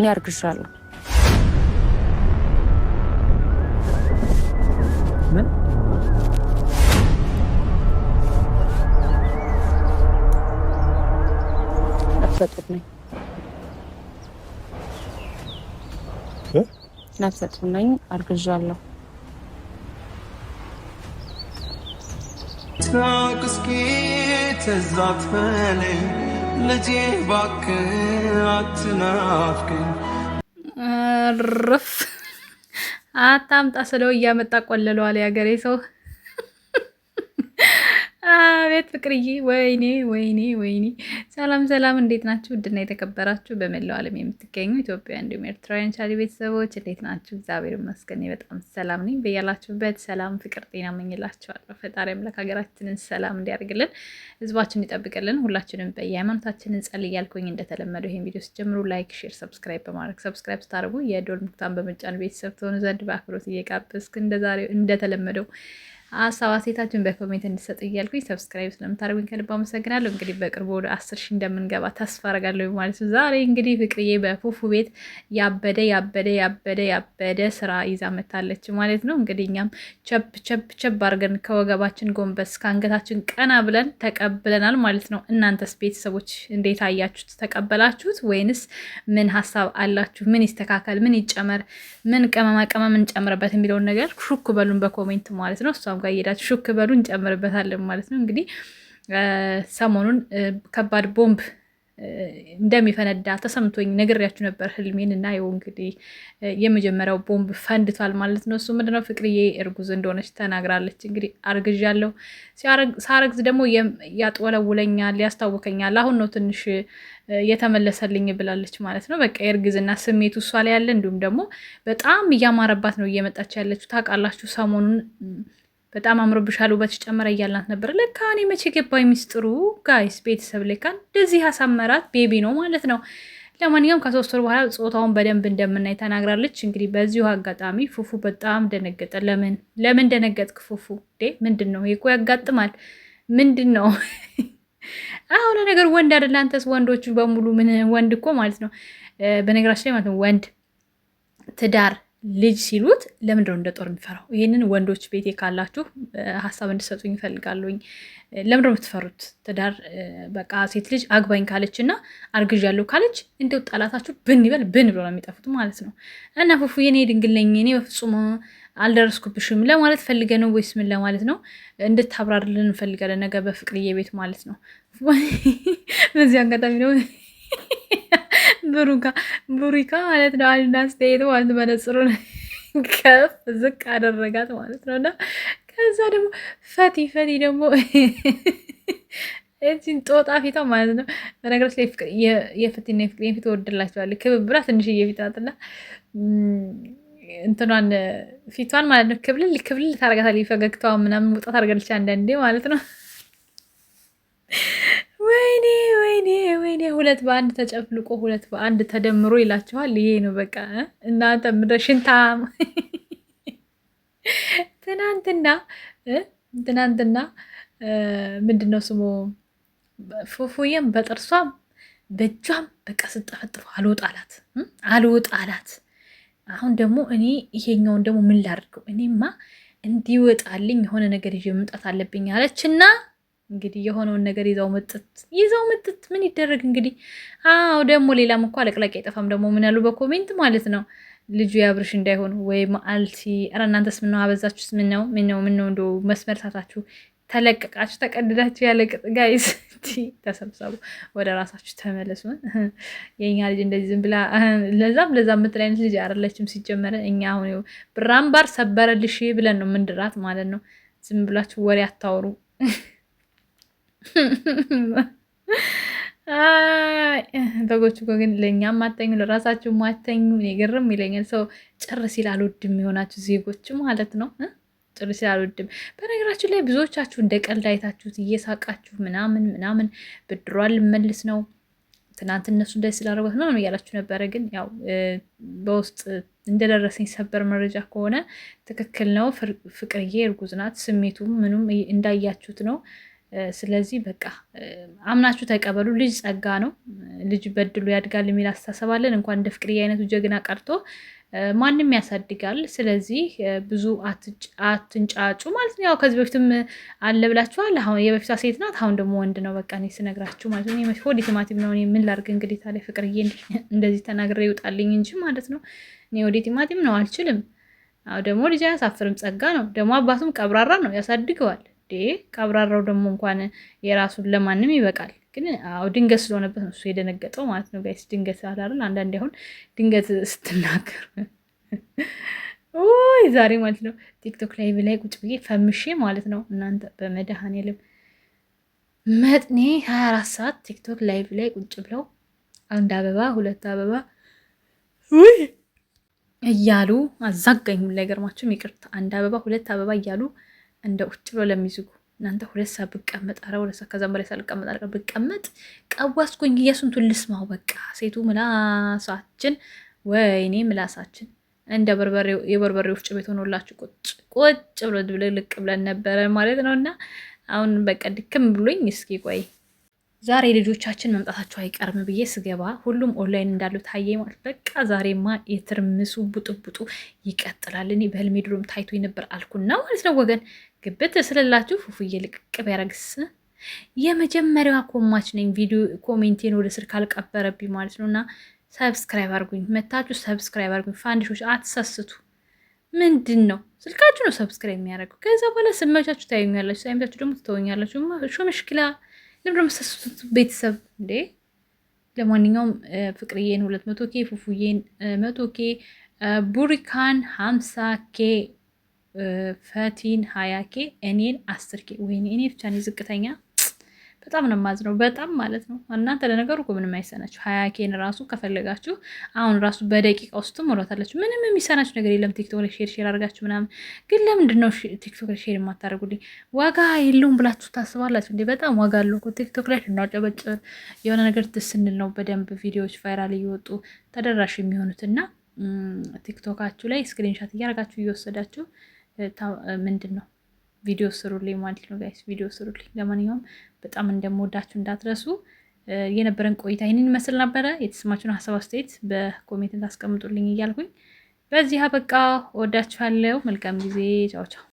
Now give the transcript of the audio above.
እኔ አርግሻለሁ። ምን ነፍሰጡር ነኝ ነፍሰጡር ነኝ አርግዣለሁ። ሳቅ እስኪ ልጄ እባክህ አትናፍቀኝ ረፍ አታምጣ ስለው እያመጣ ቆልለዋል ያገሬ ሰው። አቤት ፍቅርዬ! ወይኔ ወይኔ ወይኔ! ሰላም ሰላም፣ እንዴት ናችሁ? ውድና የተከበራችሁ በመላው ዓለም የምትገኙ ኢትዮጵያ እንዲሁም ኤርትራውያን ቻሊ ቤተሰቦች እንዴት ናችሁ? እግዚአብሔር ይመስገን በጣም ሰላም ነኝ። በያላችሁበት ሰላም፣ ፍቅር፣ ጤና መኝላችኋለሁ። ፈጣሪ አምላክ ሀገራችንን ሰላም እንዲያደርግልን፣ ህዝባችን ይጠብቅልን። ሁላችንም በየሃይማኖታችን እንጸል እያልኩኝ እንደተለመደው ይህን ቪዲዮ ስጀምሩ ላይክ፣ ሼር፣ ሰብስክራይብ በማድረግ ሰብስክራይብ ስታደርጉ የዶል ምልክቱን በመጫን ቤተሰብ ትሆኑ ዘንድ በአክብሮት እየጋበዝኩ እንደዛሬው እንደተለመደው ሀሳብ በኮሜንት እንድሰጥ እያልኩኝ ሰብስክራይብ ስለምታደርጉኝ ከልብ አመሰግናለሁ። እንግዲህ በቅርቡ ወደ አስር ሺህ እንደምንገባ ተስፋ አደርጋለሁ ማለት ነው። ዛሬ እንግዲህ ፍቅርዬ በፉፉ ቤት ያበደ ያበደ ያበደ ያበደ ስራ ይዛ መታለች ማለት ነው። እንግዲህ እኛም ቸብ ቸብ ቸብ አድርገን ከወገባችን ጎንበስ ከአንገታችን ቀና ብለን ተቀብለናል ማለት ነው። እናንተስ ቤተሰቦች እንዴት አያችሁት? ተቀበላችሁት ወይንስ ምን ሀሳብ አላችሁ? ምን ይስተካከል፣ ምን ይጨመር፣ ምን ቅመማ ቅመም እንጨምርበት የሚለውን ነገር ሹክ በሉን በኮሜንት ማለት ነው። እሷም ጋር እየሄዳችሁ ሹክ በሉ እንጨምርበታለን ማለት ነው። እንግዲህ ሰሞኑን ከባድ ቦምብ እንደሚፈነዳ ተሰምቶኝ ነግሬያችሁ ነበር ህልሜን እና ይኸው እንግዲህ የመጀመሪያው ቦምብ ፈንድቷል ማለት ነው። እሱ ምንድነው ፍቅርዬ እርጉዝ እንደሆነች ተናግራለች። እንግዲህ አርግዣለሁ፣ ሳረግዝ ደግሞ ያጥወለውለኛል፣ ያስታውከኛል። አሁን ነው ትንሽ የተመለሰልኝ ብላለች ማለት ነው። በቃ የእርግዝና ስሜቱ እሷ ላይ ያለ እንዲሁም ደግሞ በጣም እያማረባት ነው እየመጣች ያለችው ታውቃላችሁ ሰሞኑን በጣም አምሮብሻል ውበትሽ ጨመረ እያልናት ነበር። ለካ እኔ መቼ ገባኝ ሚስጥሩ። ጋይስ ቤተሰብ ለካ እንደዚህ ያሳመራት ቤቢ ነው ማለት ነው። ለማንኛውም ከሶስት ወር በኋላ ጾታውን በደንብ እንደምናይ ተናግራለች። እንግዲህ በዚሁ አጋጣሚ ፉፉ በጣም ደነገጠ። ለምን ለምን ደነገጥክ ፉፉ? ምንድን ነው እኮ ያጋጥማል። ምንድን ነው አሁን ነገር ወንድ አይደለ? አንተስ ወንዶቹ በሙሉ ምን ወንድ እኮ ማለት ነው። በነገራችን ላይ ማለት ነው ወንድ ትዳር ልጅ ሲሉት ለምንድነው እንደ ጦር የሚፈራው? ይህንን ወንዶች ቤቴ ካላችሁ ሀሳብ እንድሰጡኝ ይፈልጋሉኝ። ለምንድነው የምትፈሩት? ትዳር በቃ ሴት ልጅ አግባኝ ካለች እና አርግዥ ያለው ካለች እንደው ጠላታችሁ ብን ይበል ብን ብሎ ነው የሚጠፉት ማለት ነው። እና ፉፉ የኔ ድንግል ነኝ እኔ በፍጹም አልደረስኩብሽም ለማለት ፈልገ ነው ወይስ ምን ለማለት ነው? እንድታብራርልን እንፈልጋለን ነገር በፍቅርዬ ቤት ማለት ነው። በዚህ አጋጣሚ ነው ብሩካ ብሩካ ማለት ነው። አንድ አስተያየቱ ማለት መነጽሩን ከፍ ዝቅ አደረጋት ማለት ነው። እና ከዛ ደግሞ ፈቲ ፈቲ ደግሞ እዚህን ጦጣ ፊቷ ማለት ነው። በነገሮች ላይ የፈቲና የፍቅሬን ፊት ወድላቸዋል። ክብብራ ትንሽ እየፊታትና እንትኗን ፊቷን ማለት ነው ክብልል ክብልል ታደርጋታለች። ፈገግታዋ ምናምን ውጣት አድርጋለች አንዳንዴ ማለት ነው። ወይኔ ወይኔ ወይኔ ሁለት በአንድ ተጨፍልቆ ሁለት በአንድ ተደምሮ ይላችኋል። ይሄ ነው በቃ እናንተ ምድረ ሽንታም። ትናንትና ትናንትና ምንድን ነው ስሙ ፉፉዬም በጥርሷም በእጇም በቃ ስጠፈጥፎ አልወጣ አላት አላት። አሁን ደግሞ እኔ ይሄኛውን ደግሞ ምን ላድርገው እኔማ እንዲወጣልኝ የሆነ ነገር ይዤ መምጣት አለብኝ አለችና እንግዲህ የሆነውን ነገር ይዘው ምጥት ይዘው ምጥት። ምን ይደረግ እንግዲህ። አዎ ደግሞ ሌላም እኮ አለቅላቂ አይጠፋም። ደግሞ ምን ያሉ በኮሜንት ማለት ነው ልጁ ያብርሽ እንዳይሆን ወይ ማአልቲ። ኧረ እናንተስ ምነው አበዛችሁስ? ምነው ምነው ምነው እንደ መስመር ሳታችሁ ተለቀቃችሁ ተቀድዳችሁ ያለቅጥ ጋይዝ ተሰብሰቡ፣ ወደ ራሳችሁ ተመለሱ። የእኛ ልጅ እንደዚህ ዝም ብላ ለዛም ለዛ ምትል አይነት ልጅ አይደለችም። ሲጀመረ እኛ አሁን ብራምባር ሰበረልሽ ብለን ነው ምንድራት ማለት ነው። ዝም ብላችሁ ወሬ አታውሩ። በጎቹ እኮ ግን ለእኛም አተኙ፣ ለራሳችሁ አተኙ። ግርም ይለኛል ሰው ጭር ሲል አልወድም የሆናችሁ ዜጎች ማለት ነው። ጭር ሲል አልወድም። በነገራችሁ ላይ ብዙዎቻችሁ እንደ ቀልድ አይታችሁት እየሳቃችሁ ምናምን ምናምን ብድሯ ልመልስ ነው ትናንት እነሱ እንደዚህ ስላደረጓት ነው እያላችሁ ነበረ። ግን ያው በውስጥ እንደደረሰኝ ሰበር መረጃ ከሆነ ትክክል ነው። ፍቅርዬ እርጉዝ ናት። ስሜቱም ምኑም እንዳያችሁት ነው። ስለዚህ በቃ አምናችሁ ተቀበሉ። ልጅ ጸጋ ነው። ልጅ በድሉ ያድጋል የሚል አስተሳሰባለን። እንኳን እንደ ፍቅርዬ አይነቱ ጀግና ቀርቶ ማንም ያሳድጋል። ስለዚህ ብዙ አትንጫጩ ማለት ነው። ያው ከዚህ በፊትም አለ ብላችኋል። አሁን የበፊቷ ሴት ናት፣ አሁን ደግሞ ወንድ ነው። በቃ እኔ ስነግራችሁ ማለት ነው ወዲ ቲማቲም ነው። ምን ላድርግ እንግዲህ ታዲያ ፍቅርዬ እንደዚህ ተናግሬ ይውጣልኝ እንጂ ማለት ነው። እኔ ወዲ ቲማቲም ነው፣ አልችልም። ደግሞ ልጅ አያሳፍርም፣ ጸጋ ነው። ደግሞ አባቱም ቀብራራ ነው፣ ያሳድገዋል ቀብራራው ደግሞ እንኳን የራሱን ለማንም ይበቃል። ግን አዎ ድንገት ስለሆነበት ነው እሱ የደነገጠው ማለት ነው። ጋይስ ድንገት አላርን አንዳንዴ አሁን ድንገት ስትናገር ወይ ዛሬ ማለት ነው ቲክቶክ ላይ ላይ ቁጭ ብዬ ፈምሼ ማለት ነው እናንተ በመድኃኔዓለም መጥኔ ሀያ አራት ሰዓት ቲክቶክ ላይቭ ላይ ቁጭ ብለው አንድ አበባ ሁለት አበባ እያሉ አዛጋኝ ገርማቸው ይቅርታ አንድ አበባ ሁለት አበባ እያሉ እንደ ቁጭ ብሎ ለሚዝጉ እናንተ ሁለት ሰዓት ብቀመጥ፣ አረ ሁለት ሰዓት ከዛም በላይ ሳልቀመጥ አልቀር ብቀመጥ ቀዋስኩኝ። እየሱንቱን ልስማው በቃ ሴቱ ምላሳችን፣ ወይኔ ምላሳችን እንደ የበርበሬ ወፍጮ ቤት ሆኖላችሁ ቁጭ ቁጭ ብሎ ድብልቅ ብለን ነበረ ማለት ነው። እና አሁን በቃ ድክም ብሎኝ እስኪ ቆይ ዛሬ ልጆቻችን መምጣታቸው አይቀርም ብዬ ስገባ ሁሉም ኦንላይን እንዳሉ ታየ ማለት በቃ ዛሬማ የትርምሱ ቡጥቡጡ ይቀጥላል። እኔ በህልሜ ድሮም ታይቶ ነበር አልኩና ማለት ነው ወገን ግብት ስለላችሁ ፉፉዬ ልቅቅብ ያረግስ የመጀመሪያዋ ኮማች ነኝ። ቪዲዮ ኮሜንቴን ወደ ስልክ አልቀበረብኝ ማለት ነው። እና ሰብስክራይብ አርጉኝ፣ መታችሁ ሰብስክራይብ አርጉኝ። ፋንዲሾች አትሰስቱ። ምንድን ነው ስልካችሁ ነው ሰብስክራይብ የሚያደርገው። ከዛ በኋላ ስመቻችሁ ታዩኛላችሁ፣ ሳይመቻችሁ ደግሞ ትተወኛላችሁ። ሾ ለምንድነው የምትሰሱት ቤተሰብ እንዴ? ለማንኛውም ፍቅርዬን ሁለት መቶ ኬ ፉፉዬን መቶ ኬ ቡሪካን ሀምሳ ኬ ፈቲን ሀያ ኬ እኔን አስር ኬ ወይኔ እኔ ብቻ ዝቅተኛ በጣም ነው የማዝነው፣ በጣም ማለት ነው። እናንተ ለነገሩ እኮ ምንም አይሰናችሁ። ሀያ ኬን ራሱ ከፈለጋችሁ አሁን ራሱ በደቂቃ ውስጥ ሞላታላችሁ። ምንም የሚሰናችሁ ነገር የለም። ቲክቶክ ላይ ሼር ሼር አድርጋችሁ ምናምን። ግን ለምንድን ነው ቲክቶክ ላይ ሼር የማታደርጉልኝ? ዋጋ የለውም ብላችሁ ታስባላችሁ እንዴ? በጣም ዋጋ አለው ቲክቶክ ላይ ስናጨበጭር የሆነ ነገር ስንል ነው በደንብ ቪዲዮዎች ቫይራል እየወጡ ተደራሽ የሚሆኑት እና ቲክቶካችሁ ላይ ስክሪንሻት እያደረጋችሁ እየወሰዳችሁ ምንድን ነው ቪዲዮ ስሩልኝ ማለት ነው ጋይስ፣ ቪዲዮ ስሩልኝ። ለማንኛውም በጣም እንደምወዳችሁ እንዳትረሱ። የነበረን ቆይታ ይህንን ይመስል ነበረ። የተሰማችሁን ሀሳብ አስተያየት በኮሜንት ታስቀምጡልኝ እያልኩኝ በዚህ አበቃ። ወዳችኋለሁ። መልካም ጊዜ። ቻው ቻው።